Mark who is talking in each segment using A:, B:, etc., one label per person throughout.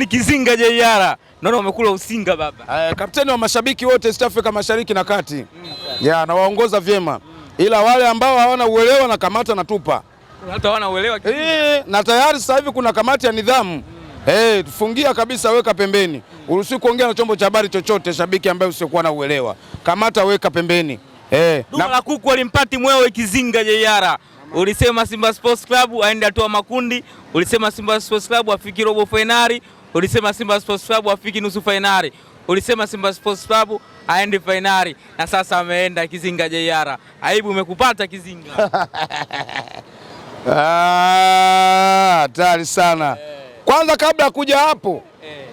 A: Kapteni Kizinga JR. Naona wamekula usinga baba.
B: Uh, kapteni wa mashabiki wote East Africa Mashariki na Kati mm. Yeah, nawaongoza vyema mm. Ila wale ambao hawana uelewa na kamata na tupa.
A: hata hawana uelewa
B: e, na tayari sasa hivi kuna kamati ya nidhamu mm. Eh, Hey, fungia kabisa, weka pembeni mm. Uruhusi kuongea na chombo cha habari chochote, shabiki ambaye usiokuwa na uelewa, kamata, weka pembeni Eh, hey.
A: na... la kuku alimpati mwewe Kizinga JR Ulisema Simba Sports Club aende atoa makundi, ulisema Simba Sports Club afiki robo fainali ulisema Simba Sports Club hafiki nusu fainali, ulisema Simba Sports Club aendi fainali, na sasa ameenda Kizinga JR. Aibu umekupata Kizinga.
B: Ah, hatari ah, sana eh. Kwanza kabla ya kuja hapo eh.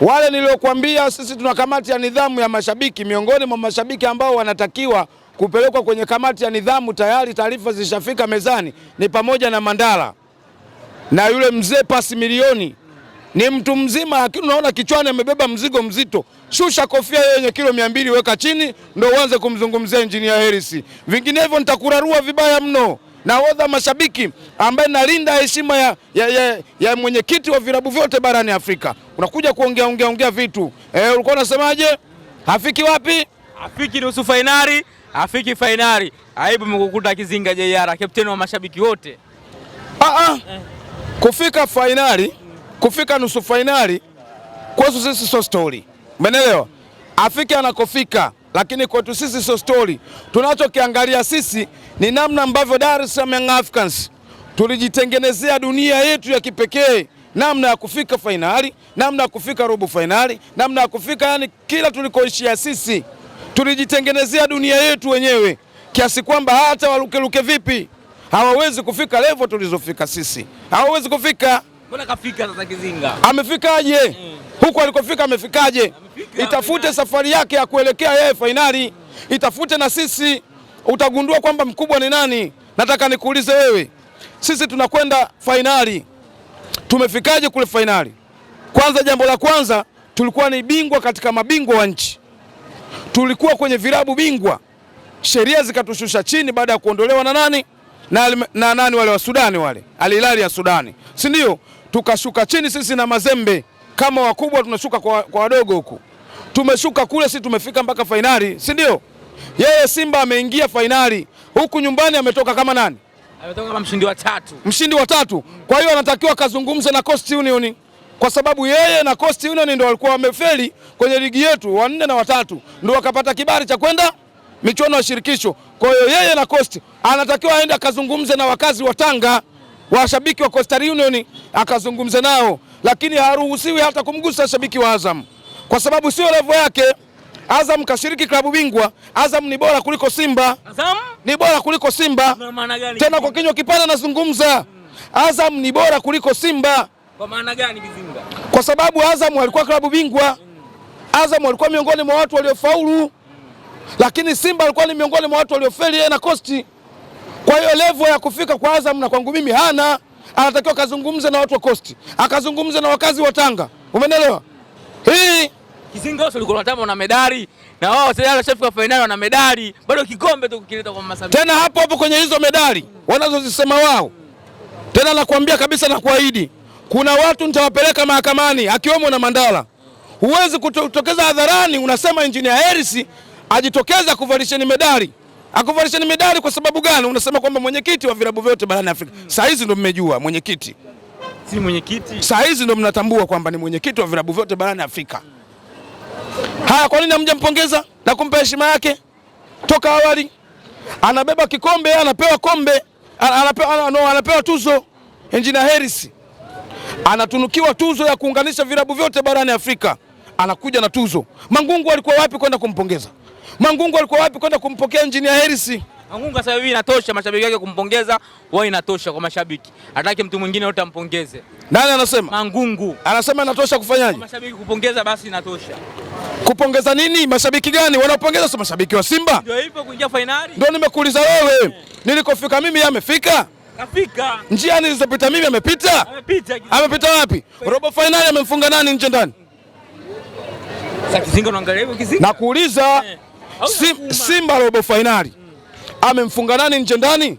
B: Wale niliokuambia sisi tuna kamati ya nidhamu ya mashabiki. Miongoni mwa mashabiki ambao wanatakiwa kupelekwa kwenye kamati ya nidhamu, tayari taarifa zilishafika mezani, ni pamoja na Mandala na yule mzee pasi milioni ni mtu mzima, lakini unaona kichwani amebeba mzigo mzito. Shusha kofia hiyo yenye kilo mia mbili weka chini, ndo uanze kumzungumzia Injinia Hersi, vinginevyo nitakurarua vibaya mno. Nahodha mashabiki ambaye nalinda heshima ya, ya, ya, ya mwenyekiti wa vilabu vyote barani Afrika, unakuja kuongea ongea ongea vitu eh, ulikuwa unasemaje? Hafiki wapi?
A: Hafiki nusu fainali, hafiki fainali. Aibu mkukuta Kizinga JR, kapteni wa mashabiki wote.
B: Ah, ah. Eh. Kufika fainali kufika nusu fainali kwetu sisi sio stori, umeelewa? Afike anakofika, lakini kwetu sisi sio stori. Tunachokiangalia sisi ni namna ambavyo Dar es Salaam Young Africans tulijitengenezea dunia yetu ya kipekee, namna ya kufika fainali, namna ya kufika robo fainali, namna ya kufika yani, kila tulikoishia sisi tulijitengenezea dunia yetu wenyewe, kiasi kwamba hata walukeluke vipi hawawezi kufika level tulizofika sisi, hawawezi kufika.
A: Mbona kafika sasa Kizinga?
B: Amefikaje? Mm. Huko alikofika amefikaje? itafute amefika. Safari yake ya kuelekea yeye fainali mm. Itafute na sisi mm. Utagundua kwamba mkubwa ni nani. Nataka nikuulize wewe, sisi tunakwenda fainali, tumefikaje kule fainali? Kwanza, jambo la kwanza, tulikuwa ni bingwa katika mabingwa wa nchi, tulikuwa kwenye virabu bingwa, sheria zikatushusha chini baada ya kuondolewa na nani na, na nani wale wa Sudani wale alilali ya Sudani, si ndio? Tukashuka chini sisi na Mazembe kama wakubwa, tunashuka kwa, kwa wadogo huku. Tumeshuka kule sisi, tumefika mpaka fainali, si ndio? Yeye Simba ameingia fainali huku nyumbani, ametoka kama nani?
A: Ametoka kama mshindi wa tatu,
B: mshindi wa tatu. Kwa hiyo anatakiwa kazungumze na Coast Union kwa sababu yeye na Coast Union ndio walikuwa wamefeli kwenye ligi yetu, wanne na watatu ndio wakapata kibali cha kwenda michuano ya shirikisho. Kwa hiyo yeye na Coast anatakiwa aende akazungumze na wakazi wa Tanga, washabiki wa Coastal Union, akazungumze nao, lakini haruhusiwi hata kumgusa shabiki wa Azam kwa sababu sio levo yake. Azam kashiriki klabu bingwa. Azam ni bora kuliko Simba. Azam ni bora kuliko Simba. Tena kwa kinywa kipana nazungumza, Azam ni bora kuliko Simba.
A: Kwa maana gani Bizinga?
B: Kwa sababu Azam alikuwa klabu bingwa. Azam alikuwa miongoni mwa watu waliofaulu lakini Simba alikuwa ni miongoni mwa watu waliofeli yeye na Kosti. Kwa hiyo level ya kufika kwa Azam na kwangu mimi hana, anatakiwa kazungumze na watu wa Kosti, akazungumze na wakazi wa Tanga, umeelewa hii
A: kizingo sio walikuwa wanataka na medali na wao sasa washafika fainali wana medali bado kikombe tu kukileta kwa Mama
B: Samia. Tena hapo hapo kwenye hizo medali wanazozisema wao. Tena nakwambia kabisa na kuahidi kuna watu nitawapeleka mahakamani akiwemo na Mandala. Huwezi kutokeza hadharani unasema Engineer Harris ajitokeze akuvalisheni medali. Akuvalisheni medali kwa sababu gani? Unasema kwamba mwenyekiti wa vilabu vyote barani Afrika. mm. Saa hizi ndo mmejua mwenyekiti,
A: si mwenyekiti.
B: Saa hizi ndo mnatambua kwamba ni mwenyekiti wa vilabu vyote barani Afrika. mm. Haya, kwa nini hamjampongeza na kumpa heshima yake toka awali? Anabeba kikombe, anapewa kombe, anapewa, no, anapewa tuzo. Engineer Hersi anatunukiwa tuzo ya kuunganisha vilabu vyote barani Afrika, anakuja na tuzo. Mangungu alikuwa wapi kwenda kumpongeza? Mangungu alikuwa wapi kwenda kumpokea injinia Harris?
A: Mangungu sasa hivi inatosha, mashabiki yake kumpongeza wao, inatosha kwa mashabiki, hataki mtu mwingine yote ampongeze. Nani anasema? Mangungu
B: anasema inatosha. Kufanyaje?
A: Mashabiki kupongeza, basi inatosha.
B: Kupongeza nini? Mashabiki gani wanaopongeza? Sio mashabiki wa Simba,
A: ndio hivyo kuingia finali.
B: Ndio nimekuuliza wewe, Nilikofika mimi amefika
A: Kafika.
B: Njia nilizopita mimi amepita? Amepita. Amepita wapi? Robo finali amemfunga nani nje ndani?
A: Sasa Kizinga unaangalia hivyo Kizinga?
B: Nakuuliza. Eh. Sim, Simba robo fainali amemfunga nani nje ndani?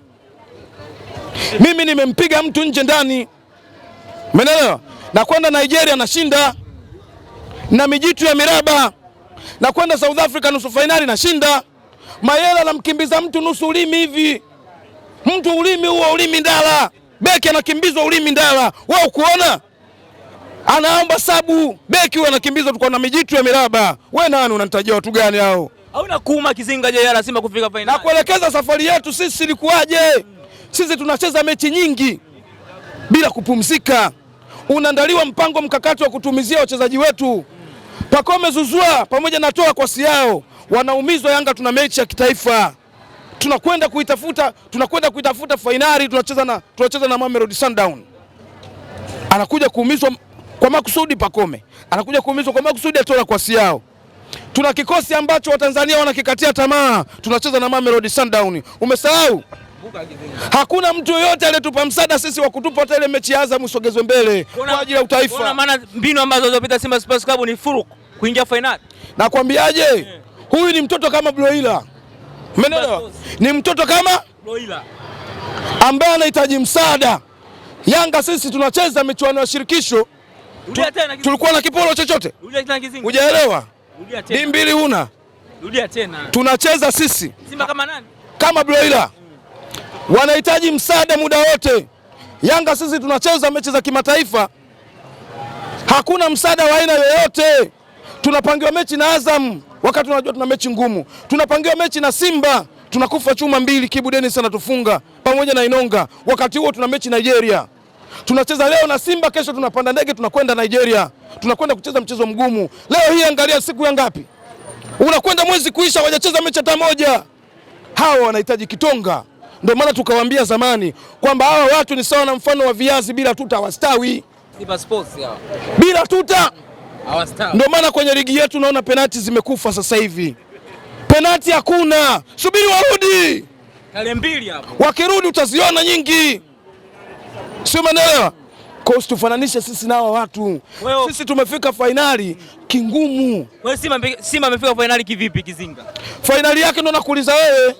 B: Mimi nimempiga mtu nje ndani, umeelewa? Na kwenda Nigeria nashinda na mijitu ya miraba, na kwenda South Africa nusu fainali nashinda. Mayela anamkimbiza mtu nusu ulimi hivi, mtu ulimi huo, ulimi ndala, beki anakimbizwa ulimi ndala, wewe ukuona anaomba sabu beki huyo anakimbizwa, tuko na mijitu ya miraba. We nani unanitajia watu gani hao?
A: hauna kuuma kizinga JR Simba kufika finali.
B: Na kuelekeza safari yetu sisi ilikuwaje? Sisi tunacheza mechi nyingi bila kupumzika, unaandaliwa mpango mkakati wa kutumizia wachezaji wetu. Pakome Zuzua pamoja na toa kwasi yao wanaumizwa. Yanga tuna mechi ya kitaifa, tunakwenda kuitafuta, tunakwenda kuitafuta fainali. Tunacheza na, tunacheza na Mamelodi Sundown, anakuja kuumizwa kwa makusudi. Pakome anakuja kuumizwa kwa makusudi, atoa kwa yao Tuna kikosi ambacho Watanzania wanakikatia tamaa, tunacheza na Mamelodi Sundown. Umesahau? Hakuna mtu yoyote aliyetupa msaada sisi wa kutupa hata ile mechi ya Azam usogezwe mbele kwa ajili ya utaifa.
A: Maana mbinu ambazo zilizopita Simba Sports Club ni furu kuingia fainali.
B: Nakwambiaje? Yeah. Huyu ni mtoto kama Bloila, umeelewa? Ni mtoto kama Bloila ambaye anahitaji msaada. Yanga sisi tunacheza michuano ya shirikisho, tulikuwa na kiporo chochote, hujaelewa? Di una rudia tena. Tunacheza sisi Simba kama nani? Kama broila mm. Wanahitaji msaada muda wote. Yanga sisi tunacheza mechi za kimataifa, hakuna msaada wa aina yoyote. Tunapangiwa mechi na Azam wakati tunajua tuna mechi ngumu, tunapangiwa mechi na Simba tunakufa chuma mbili, Kibu Denis anatufunga pamoja na Inonga, wakati huo tuna mechi Nigeria. Tunacheza leo na Simba, kesho tunapanda ndege tunakwenda Nigeria, tunakwenda kucheza mchezo mgumu. Leo hii angalia siku ya ngapi, unakwenda mwezi kuisha, hawajacheza mechi hata moja. Hawa wanahitaji kitonga. Ndio maana tukawaambia zamani kwamba hawa watu ni sawa na mfano wa viazi, bila tuta hawastawi, bila tuta hawastawi. Ndio maana kwenye ligi yetu naona penati zimekufa sasa hivi, penati hakuna, subiri warudi, wakirudi utaziona nyingi sio manelewa Tufananishe sisi na watu Weo. Sisi tumefika fainali kingumu.
A: Wewe Simba Simba amefika fainali kivipi kizinga?
B: Fainali yake ndo nakuuliza wewe.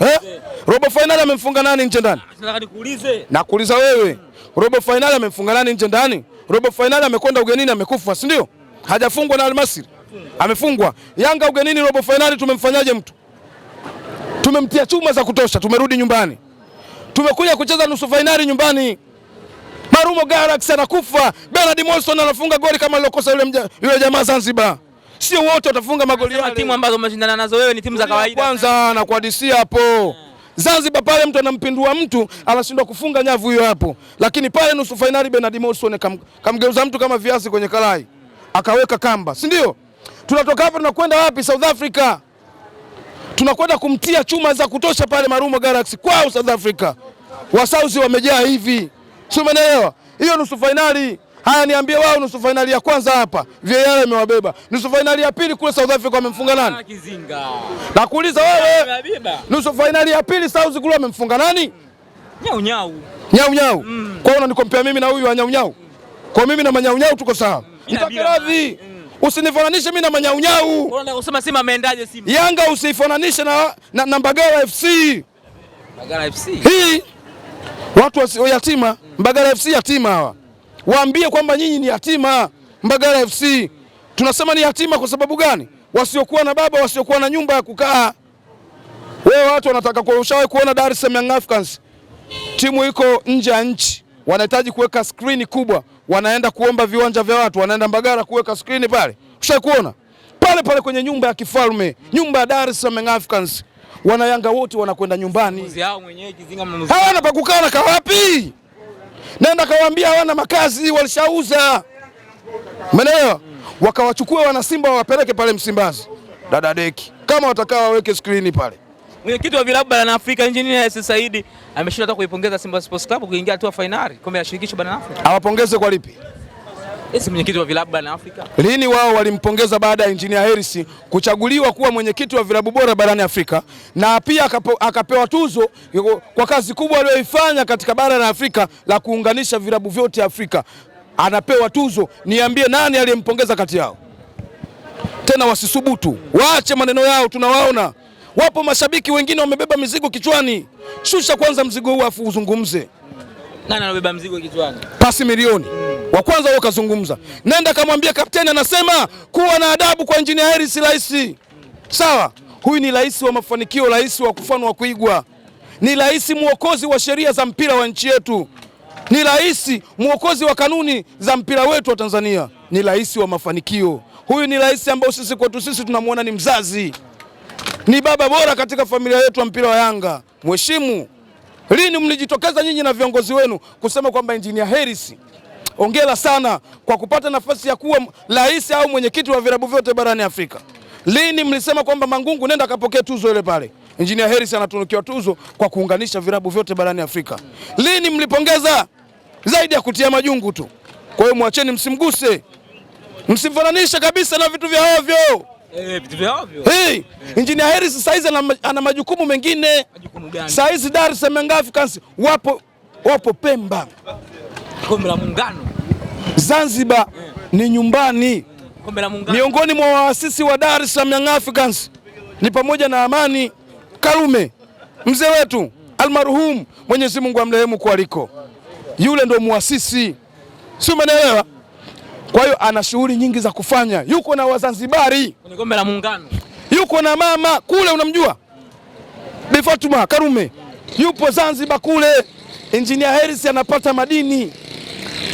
B: Eh? Robo fainali amemfunga nani nje ndani?
A: Nataka nikuulize.
B: Nakuuliza wewe. Robo fainali amemfunga nani nje ndani? Robo fainali amekwenda ugenini amekufa, si ndio? Hajafungwa na Almasiri. Amefungwa. Yanga ugenini robo fainali tumemfanyaje mtu? Tumemtia chuma za kutosha, tumerudi nyumbani. Tumekuja kucheza nusu fainali nyumbani. Marumo Galaxy anakufa, Bernard Morrison anafunga goli kama alilokosa yule yule jamaa Zanzibar. Sio wote watafunga magoli
A: yale. Timu ambazo umeshindana nazo wewe ni timu za kawaida.
B: Kwanza na kuhadisia hapo. Ah. Zanzibar pale mtu anampindua mtu anashindwa kufunga nyavu hiyo hapo. Lakini pale nusu finali Bernard Morrison kam, kamgeuza mtu kama viazi kwenye karai. Akaweka kamba, si ndio? Tunatoka hapa tunakwenda wapi? South Africa. Tunakwenda kumtia chuma za kutosha pale Marumo Galaxy kwao South Africa. Wasauzi wamejaa hivi sio umeelewa? Hiyo nusu fainali. Haya, niambie wao, nusu fainali ya kwanza hapa VAR imewabeba, nusu fainali ya pili kule South Africa wamemfunga nani?
A: Ah,
B: Nakuuliza wewe, nusu fainali ya pili South kule wamemfunga nani? nyau nyau nyau nyau. Mm. Kwa hiyo unanikompea mimi na huyu wa nyau nyau? Kwa mimi na manyau nyau tuko sawa, nitake radhi mm. Usinifananishe mimi na manyaunyau.
A: Unasema Simba ameendaje? Simba
B: Yanga usifananishe na, na, na Mbagala FC. Mbagala FC. Hii watu wa yatima. Mbagala FC yatima hawa, waambie kwamba nyinyi ni yatima. Mbagala FC tunasema ni yatima kwa sababu gani? Wasiokuwa na baba, wasiokuwa na nyumba ya kukaa. Wewe watu wanataka kwa, ushawe kuona Dar es Salaam Young Africans timu iko nje ya nchi, wanahitaji kuweka skrini kubwa, wanaenda kuomba viwanja vya watu, wanaenda Mbagala kuweka skrini pale. Ushawahi kuona pale pale kwenye nyumba ya kifalme, nyumba ya Dar es Salaam Young Africans Wanayanga wote wanakwenda nyumbani, hawana pa kukaa, Nakaa wapi? Nenda kawaambia hawana makazi, walishauza. Umeelewa? Mm. Wakawachukua wana Simba wawapeleke pale Msimbazi, dada deki, kama watakaa waweke skrini pale.
A: Mwenyekiti wa vilabu barani Afrika Engineer Hersi Said ameshinda hata kuipongeza Simba Sports Club kuingia hatua fainali kombe la shirikisho barani
B: Afrika. Awapongeze kwa lipi?
A: Si mwenyekiti wa vilabu barani Afrika.
B: Lini wao walimpongeza baada ya Engineer Harris kuchaguliwa kuwa mwenyekiti wa vilabu bora barani Afrika na pia akapewa tuzo kwa kazi kubwa aliyoifanya katika bara la Afrika la kuunganisha vilabu vyote Afrika. Anapewa tuzo, niambie nani aliyempongeza kati yao? Tena wasisubutu, waache maneno yao, tunawaona wapo mashabiki wengine wamebeba mizigo kichwani. Shusha kwanza mzigo huu afu uzungumze.
A: Nani anabeba mzigo kichwani?
B: Pasi milioni wa kwanza huyo kazungumza, nenda kamwambia kapteni anasema kuwa na adabu kwa injinia si rais. Sawa, huyu ni rais wa mafanikio, rais wa kufanwa wa kuigwa, ni rais mwokozi wa sheria za mpira wa nchi yetu, ni rais mwokozi wa kanuni za mpira wetu wa Tanzania, ni rais wa mafanikio. Huyu ni rais ambao sisi kwetu sisi tunamwona ni mzazi, ni baba bora katika familia yetu ya mpira wa Yanga. Mheshimu Lini mlijitokeza nyinyi na viongozi wenu kusema kwamba Injinia Harris ongera sana kwa kupata nafasi ya kuwa rais au mwenyekiti wa virabu vyote barani Afrika? Lini mlisema kwamba Mangungu nenda akapokea tuzo ile pale? Engineer Harris anatunukiwa tuzo kwa kuunganisha virabu vyote barani Afrika. Lini mlipongeza zaidi ya kutia majungu tu? Kwa hiyo mwacheni, msimguse, msimfananishe kabisa na vitu vya ovyo.
A: Eh, eh,
B: hey, Injinia Heri sasa hizi ana majukumu mengine. Majukumu gani? Sasa hizi Dar es Salaam Africans wapo wapo Pemba.
A: Kombe la Muungano.
B: Zanzibar yeah. Ni nyumbani.
A: Mm. Kombe la Muungano.
B: Miongoni mwa waasisi wa Dar es Salaam Africans ni pamoja na Amani Karume mzee wetu almarhum Mwenyezi Mungu amrehemu kwa aliko. Yule ndo muasisi. Si umeelewa? Kwa hiyo ana shughuli nyingi za kufanya, yuko na Wazanzibari
A: kwenye kombe la Muungano,
B: yuko na mama kule, unamjua Bi Fatuma Karume, yupo Zanzibar kule. Engineer Harris anapata madini.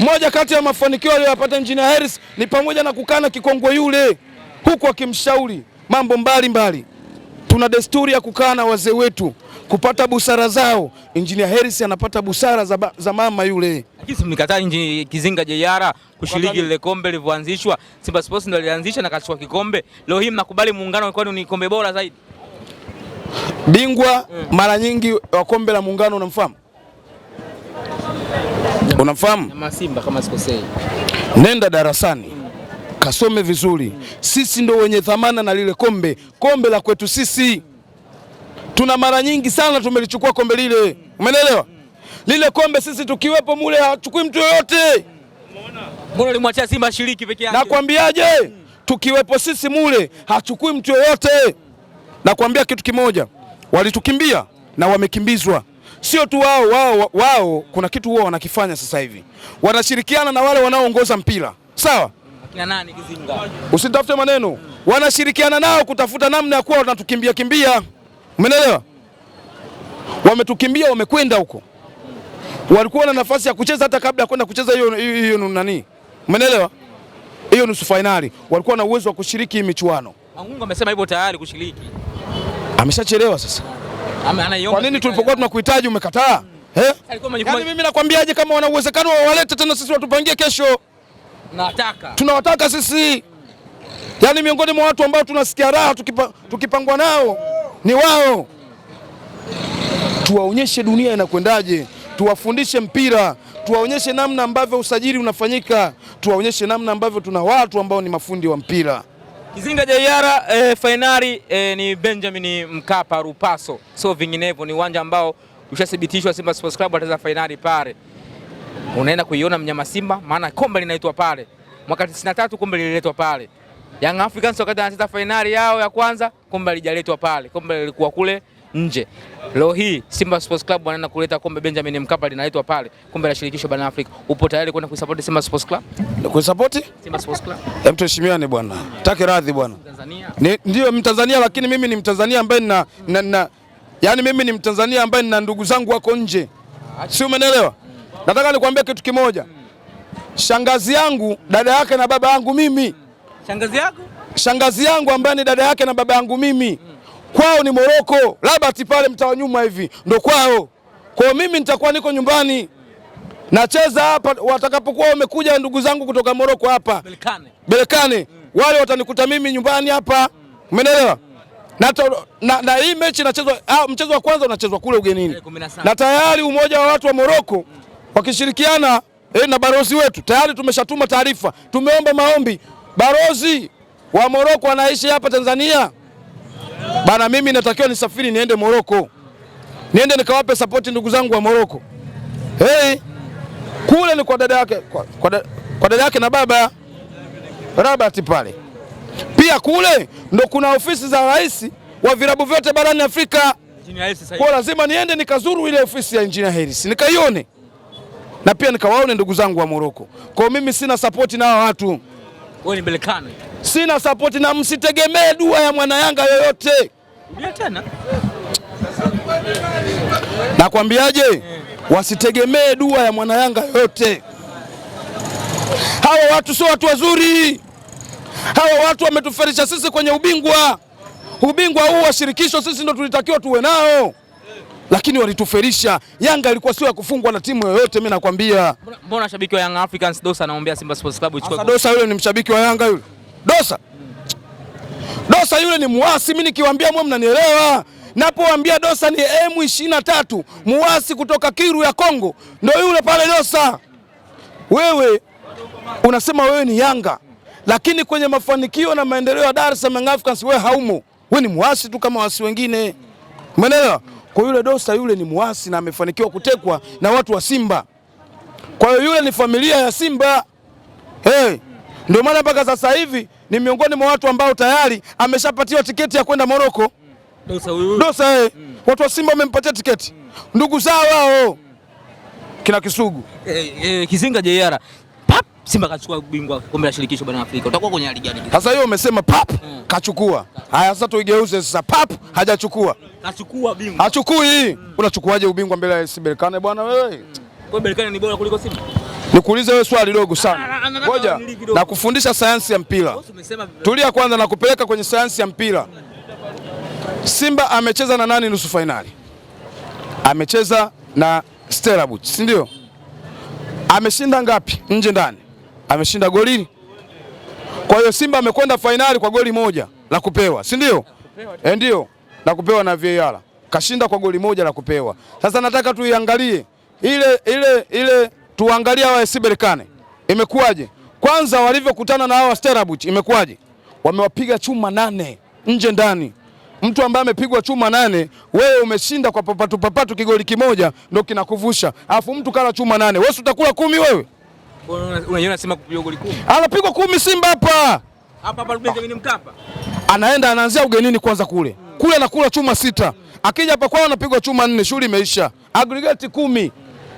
B: Moja kati ya mafanikio aliyoyapata Engineer Harris ni pamoja na kukana kikongwe yule, huku akimshauri mambo mbalimbali mbali. Tuna desturi ya kukaa na wazee wetu kupata busara zao. Injinia Hersi anapata busara za, ba, za mama yule.
A: Lakini mlikataa Kizinga Jeyara kushiriki lile kombe lilivyoanzishwa, Simba Sports ndio lilianzisha na kachukua kikombe. Leo hii mnakubali muungano kwani ni kombe bora zaidi
B: bingwa hmm. Mara nyingi wa kombe la muungano unamfahamu, unamfahamu
A: na Simba kama sikosei,
B: nenda darasani kasome vizuri Sisi ndo wenye thamana na lile kombe, kombe la kwetu sisi Hmm tuna mara nyingi sana tumelichukua kombe lile, umeelewa? Lile kombe sisi tukiwepo mule hachukui mtu yoyote.
A: Mbona limwachia Simba shiriki peke
B: yake? Nakwambiaje, tukiwepo sisi mule hachukui mtu yoyote. Nakwambia kitu kimoja, walitukimbia na wamekimbizwa Sio tu wao, wao wao, kuna kitu wao wanakifanya sasa hivi, wanashirikiana na wale wanaoongoza mpira sawa.
A: Kina nani Kizinga,
B: usitafute maneno, wanashirikiana nao kutafuta namna ya kuwa wanatukimbia kimbia. Umeelewa? Wametukimbia, wamekwenda huko, walikuwa na nafasi ya kucheza hata kabla ya kwenda kucheza hiyo hiyo nani, umeelewa? Hiyo nusu fainali walikuwa na uwezo wa kushiriki michuano.
A: Angungu amesema hivyo tayari kushiriki,
B: ameshachelewa sasa. Kwa nini tulipokuwa tunakuhitaji umekataa? Yaani mimi nakwambiaje, kama wana uwezekano wawalete tena, sisi watupangie kesho. Nataka. Tunawataka sisi, yaani miongoni mwa watu ambao tunasikia raha tukipangwa nao ni wao. Tuwaonyeshe dunia inakwendaje, tuwafundishe mpira, tuwaonyeshe namna ambavyo usajili unafanyika, tuwaonyeshe namna ambavyo tuna watu ambao ni mafundi wa mpira.
A: Kizinga Jaiara e, eh, fainali e, ni Benjamin Mkapa Rupaso, sio vinginevyo. Ni uwanja ambao ushathibitishwa Simba Sports Club atacheza fainali pale. Unaenda kuiona mnyama Simba, maana kombe linaitwa pale. Mwaka 93 kombe lililetwa pale. Young Africans wakati anacheza fainali yao ya kwanza, kombe lijaletwa pale, kombe lilikuwa kule nje. Leo hii Simba Sports Club wanaenda kuleta kombe Benjamin Mkapa, linaletwa pale, kombe la shirikisho barani Afrika. Upo tayari kwenda kuisupport Simba Sports Club? Kuisupport Simba Sports Club?
B: Hem, tuheshimiane bwana, take radhi bwana.
A: Tanzania
B: ndio Mtanzania, lakini mimi ni Mtanzania ambaye na, na, na yani mimi ni Mtanzania ambaye nina ndugu zangu wako nje, si umeelewa? hmm. Nataka nikwambie kitu kimoja, hmm. shangazi yangu, dada yake na baba yangu mimi hmm. Shangazi yako? Shangazi yangu ambaye ni dada yake na baba yangu mimi Kwao ni Moroko, Rabati pale mtawa nyuma hivi ndo kwao. Kwao mimi nitakuwa niko nyumbani nacheza hapa, watakapokuwa wamekuja ndugu zangu kutoka Moroko hapa Belkane, Belkane. Mm. Wale watanikuta mimi nyumbani hapa, umeelewa? Na, na, na hii mechi ah, mchezo wa kwanza unachezwa kule ugenini na tayari umoja wa watu wa Moroko mm. wakishirikiana eh, na barozi wetu tayari tumeshatuma taarifa, tumeomba maombi balozi wa Moroko anaishi hapa Tanzania bana, mimi natakiwa nisafiri niende Moroko, niende nikawape sapoti ndugu zangu wa Moroko. Hey, kule ni kwa dada yake, kwa, kwa, kwa dada yake na baba Robert pale. Pia kule ndo kuna ofisi za rais wa vilabu vyote barani Afrika, kwa lazima niende nikazuru ile ofisi ya Injinia Harris nikaione na pia nikawaone ndugu zangu wa Moroko. Kwa mimi sina sapoti na watu
A: wewe ni belekano.
B: Sina support na msitegemee dua ya mwana Yanga yoyote. Ndio tena. Nakwambiaje? Yeah. Wasitegemee dua ya mwana Yanga yoyote. Hawa watu sio watu wazuri. Hawa watu wametuferisha sisi kwenye ubingwa. Ubingwa huu wa shirikisho sisi ndo tulitakiwa tuwe nao lakini walituferisha Yanga ilikuwa sio ya kufungwa na timu yoyote, mimi nakwambia.
A: Mbona shabiki wa Young Africans Dosa anaombea Simba Sports Club
B: ichukue? Dosa yule ni mshabiki wa Yanga yule, Dosa Dosa yule ni muasi. Mimi nikiwaambia mwe mnanielewa, napowaambia Dosa ni M23 muasi kutoka Kiru ya Kongo, ndio yule pale Dosa. Wewe unasema wewe ni Yanga, lakini kwenye mafanikio na maendeleo ya Dar es Salaam Young Africans wewe haumo, wewe ni muasi tu kama wasi wengine. Umeelewa? Kwa yule Dosa yule ni muasi na amefanikiwa kutekwa na watu wa Simba. Kwa hiyo yule ni familia ya Simba. Hey, ndio maana mpaka sasa hivi ni miongoni mwa watu ambao tayari ameshapatiwa tiketi ya kwenda Moroko. Dosa huyu. Dosa hey. Mm. Watu wa Simba wamempatia tiketi. Mm. Ndugu zao wao. Mm. Kina Kisugu.
A: Eh, eh, Kizinga Jeiara. Simba kachukua ubingwa kombe la shirikisho barani Afrika. Utakuwa kwenye hali gani?
B: Sasa hiyo umesema pap hmm. kachukua. Haya sasa tuigeuze sasa pap hajachukua.
A: Kachukua bingwa.
B: Hachukui. Hmm. Unachukuaje ubingwa mbele ya Simba Berkane bwana wewe? Hmm.
A: Kwa Berkane ni bora kuliko Simba.
B: Nikuulize wewe swali dogo sana. Ah, ah, ah, Ngoja na kufundisha sayansi ya mpira. Tulia kwanza na kupeleka kwenye sayansi ya mpira. Simba amecheza na nani nusu fainali? Amecheza na Stellenbosch, si ndio? Ameshinda ngapi nje ndani? ameshinda goli. Kwa hiyo Simba amekwenda fainali kwa goli moja la kupewa, si ndio? Eh, ndio la kupewa na VAR, kashinda kwa goli moja la kupewa. Sasa nataka tuiangalie ile ile ile, tuangalie hawa Siberkane Berkane imekuwaje kwanza, walivyokutana na hawa Stellenbosch imekuwaje? Wamewapiga chuma nane nje ndani mtu ambaye amepigwa chuma nane, wewe umeshinda kwa papatu papatu, kigoli kimoja ndio kinakuvusha, alafu mtu kala chuma nane, wewe utakula kumi wewe?
A: Unajua nasema kupiga goli
B: 10. Anapigwa kumi Simba hapa.
A: Hapa hapa ni Mkapa.
B: Anaenda anaanzia ugenini kwanza kule. Mm. Kule anakula chuma sita. Mm. Akija hapa kwao anapigwa chuma nne, shughuli imeisha. Aggregate kumi. Mm.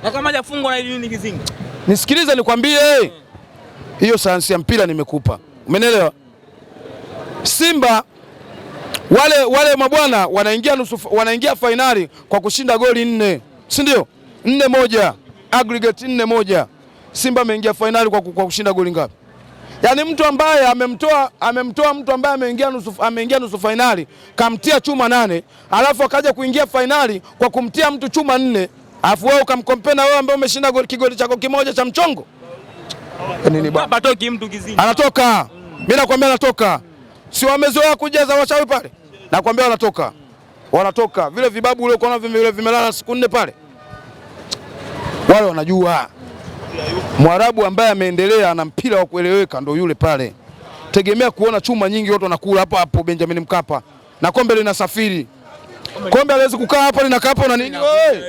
A: Na kama hajafungwa na nini kizingi?
B: Nisikilize nikwambie. Mm. Hiyo sayansi ya mpira nimekupa. Umeelewa? Simba wale wale mabwana wanaingia nusu wanaingia fainali kwa kushinda goli nne, si ndio? Nne moja aggregate nne moja Simba ameingia fainali kwa, kwa kushinda goli ngapi? Yaani mtu ambaye amemtoa amemtoa mtu ambaye ameingia nusu ameingia nusu fainali kamtia chuma nane, alafu akaja kuingia fainali kwa kumtia mtu chuma nne, alafu wewe ukamkompea na wewe ambaye umeshinda goli kigoli chako kimoja cha mchongo. Nini yaani
A: baba? Hatoki mtu kizini.
B: Anatoka. Mimi nakwambia anatoka. Si wamezoea kujaza wachawi pale? Nakwambia wanatoka. Wanatoka. Vile vibabu uliokuwa navyo vile vimelala siku nne pale. Wale wanajua. Mwarabu ambaye ameendelea na mpira wa kueleweka ndio yule pale. Tegemea kuona chuma nyingi watu wanakula hapo hapo Benjamin Mkapa na kombe linasafiri. Kombe aliwezi kukaa hapa linakaa hapo na nini wewe?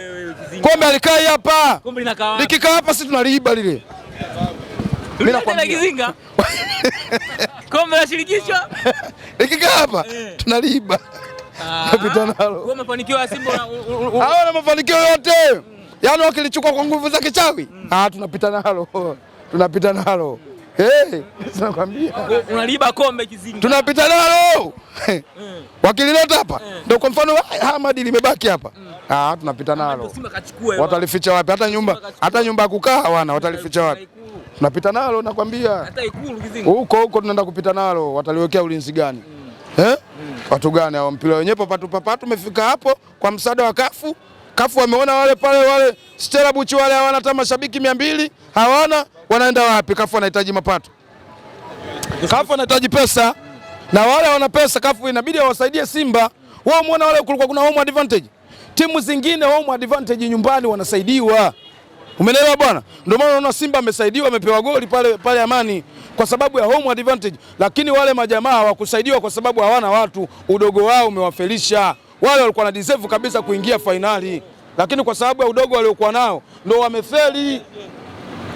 B: Kombe alikai hapa. Kombe linakaa hapa. Likikaa hapa sisi tunaliiba lile.
A: Mimi nakwambia kizinga. Kombe la shirikisho.
B: Likikaa hapa eh. tunaliiba. Ah. Napita nalo.
A: Wewe umefanikiwa Simba
B: au na mafanikio yote? yaani wakilichukua kwa nguvu za kichawi mm. Ah, tunapita nalo tunapita nalo hey, nakwambia
A: unaliba kombe kizinga,
B: tunapita nalo mm. wakilileta hapa mm. ndio kwa mfano ah, hamadi limebaki hapa mm. Ah, tunapita nalo watalificha wapi? hata nyumba hata nyumba ya kukaa hawana, watalificha wapi? tunapita nalo nakwambia, hata Ikulu huko huko tunaenda kupita nalo, wataliwekea ulinzi gani? mm. eh? mm. watu gani hao? mpira wenyewe papatu papatu, tumefika hapo kwa msaada wa kafu Kafu wameona wale pale wale Stella Buchi wale hawana hata mashabiki mia mbili hawana, wanaenda wapi? Kafu anahitaji mapato, Kafu anahitaji pesa, na wale wana pesa, Kafu inabidi awasaidie Simba. Wao muona wale kulikuwa kuna home advantage, timu zingine home advantage nyumbani wanasaidiwa, umeelewa bwana? Ndio maana unaona Simba amesaidiwa, amepewa goli pale pale Amani kwa sababu ya home advantage, lakini wale majamaa hawakusaidiwa kwa sababu hawana watu, udogo wao umewafelisha wale walikuwa na deserve kabisa kuingia fainali, lakini kwa sababu ya udogo waliokuwa nao ndio wamefeli.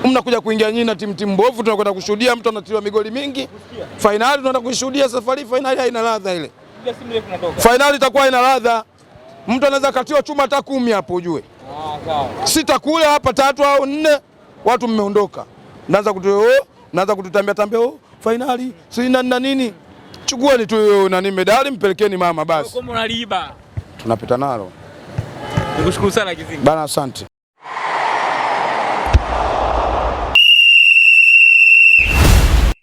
B: Mnakuja kuingia nyinyi na timu timu mbovu, tunakwenda kushuhudia mtu anatiwa migoli mingi fainali. Tunaenda kushuhudia safari fainali, haina ladha ile fainali, itakuwa ina ladha. Mtu anaweza katiwa chuma hata kumi hapo, ujue sita kule hapa tatu au nne, watu mmeondoka, naanza oh, naanza kututambia tambia, oh, fainali sina na nini chukueni tu nani medali mpelekeni mama basi. Tunapita nalo.
A: Nikushukuru sana Kizinga.
B: Bana asante.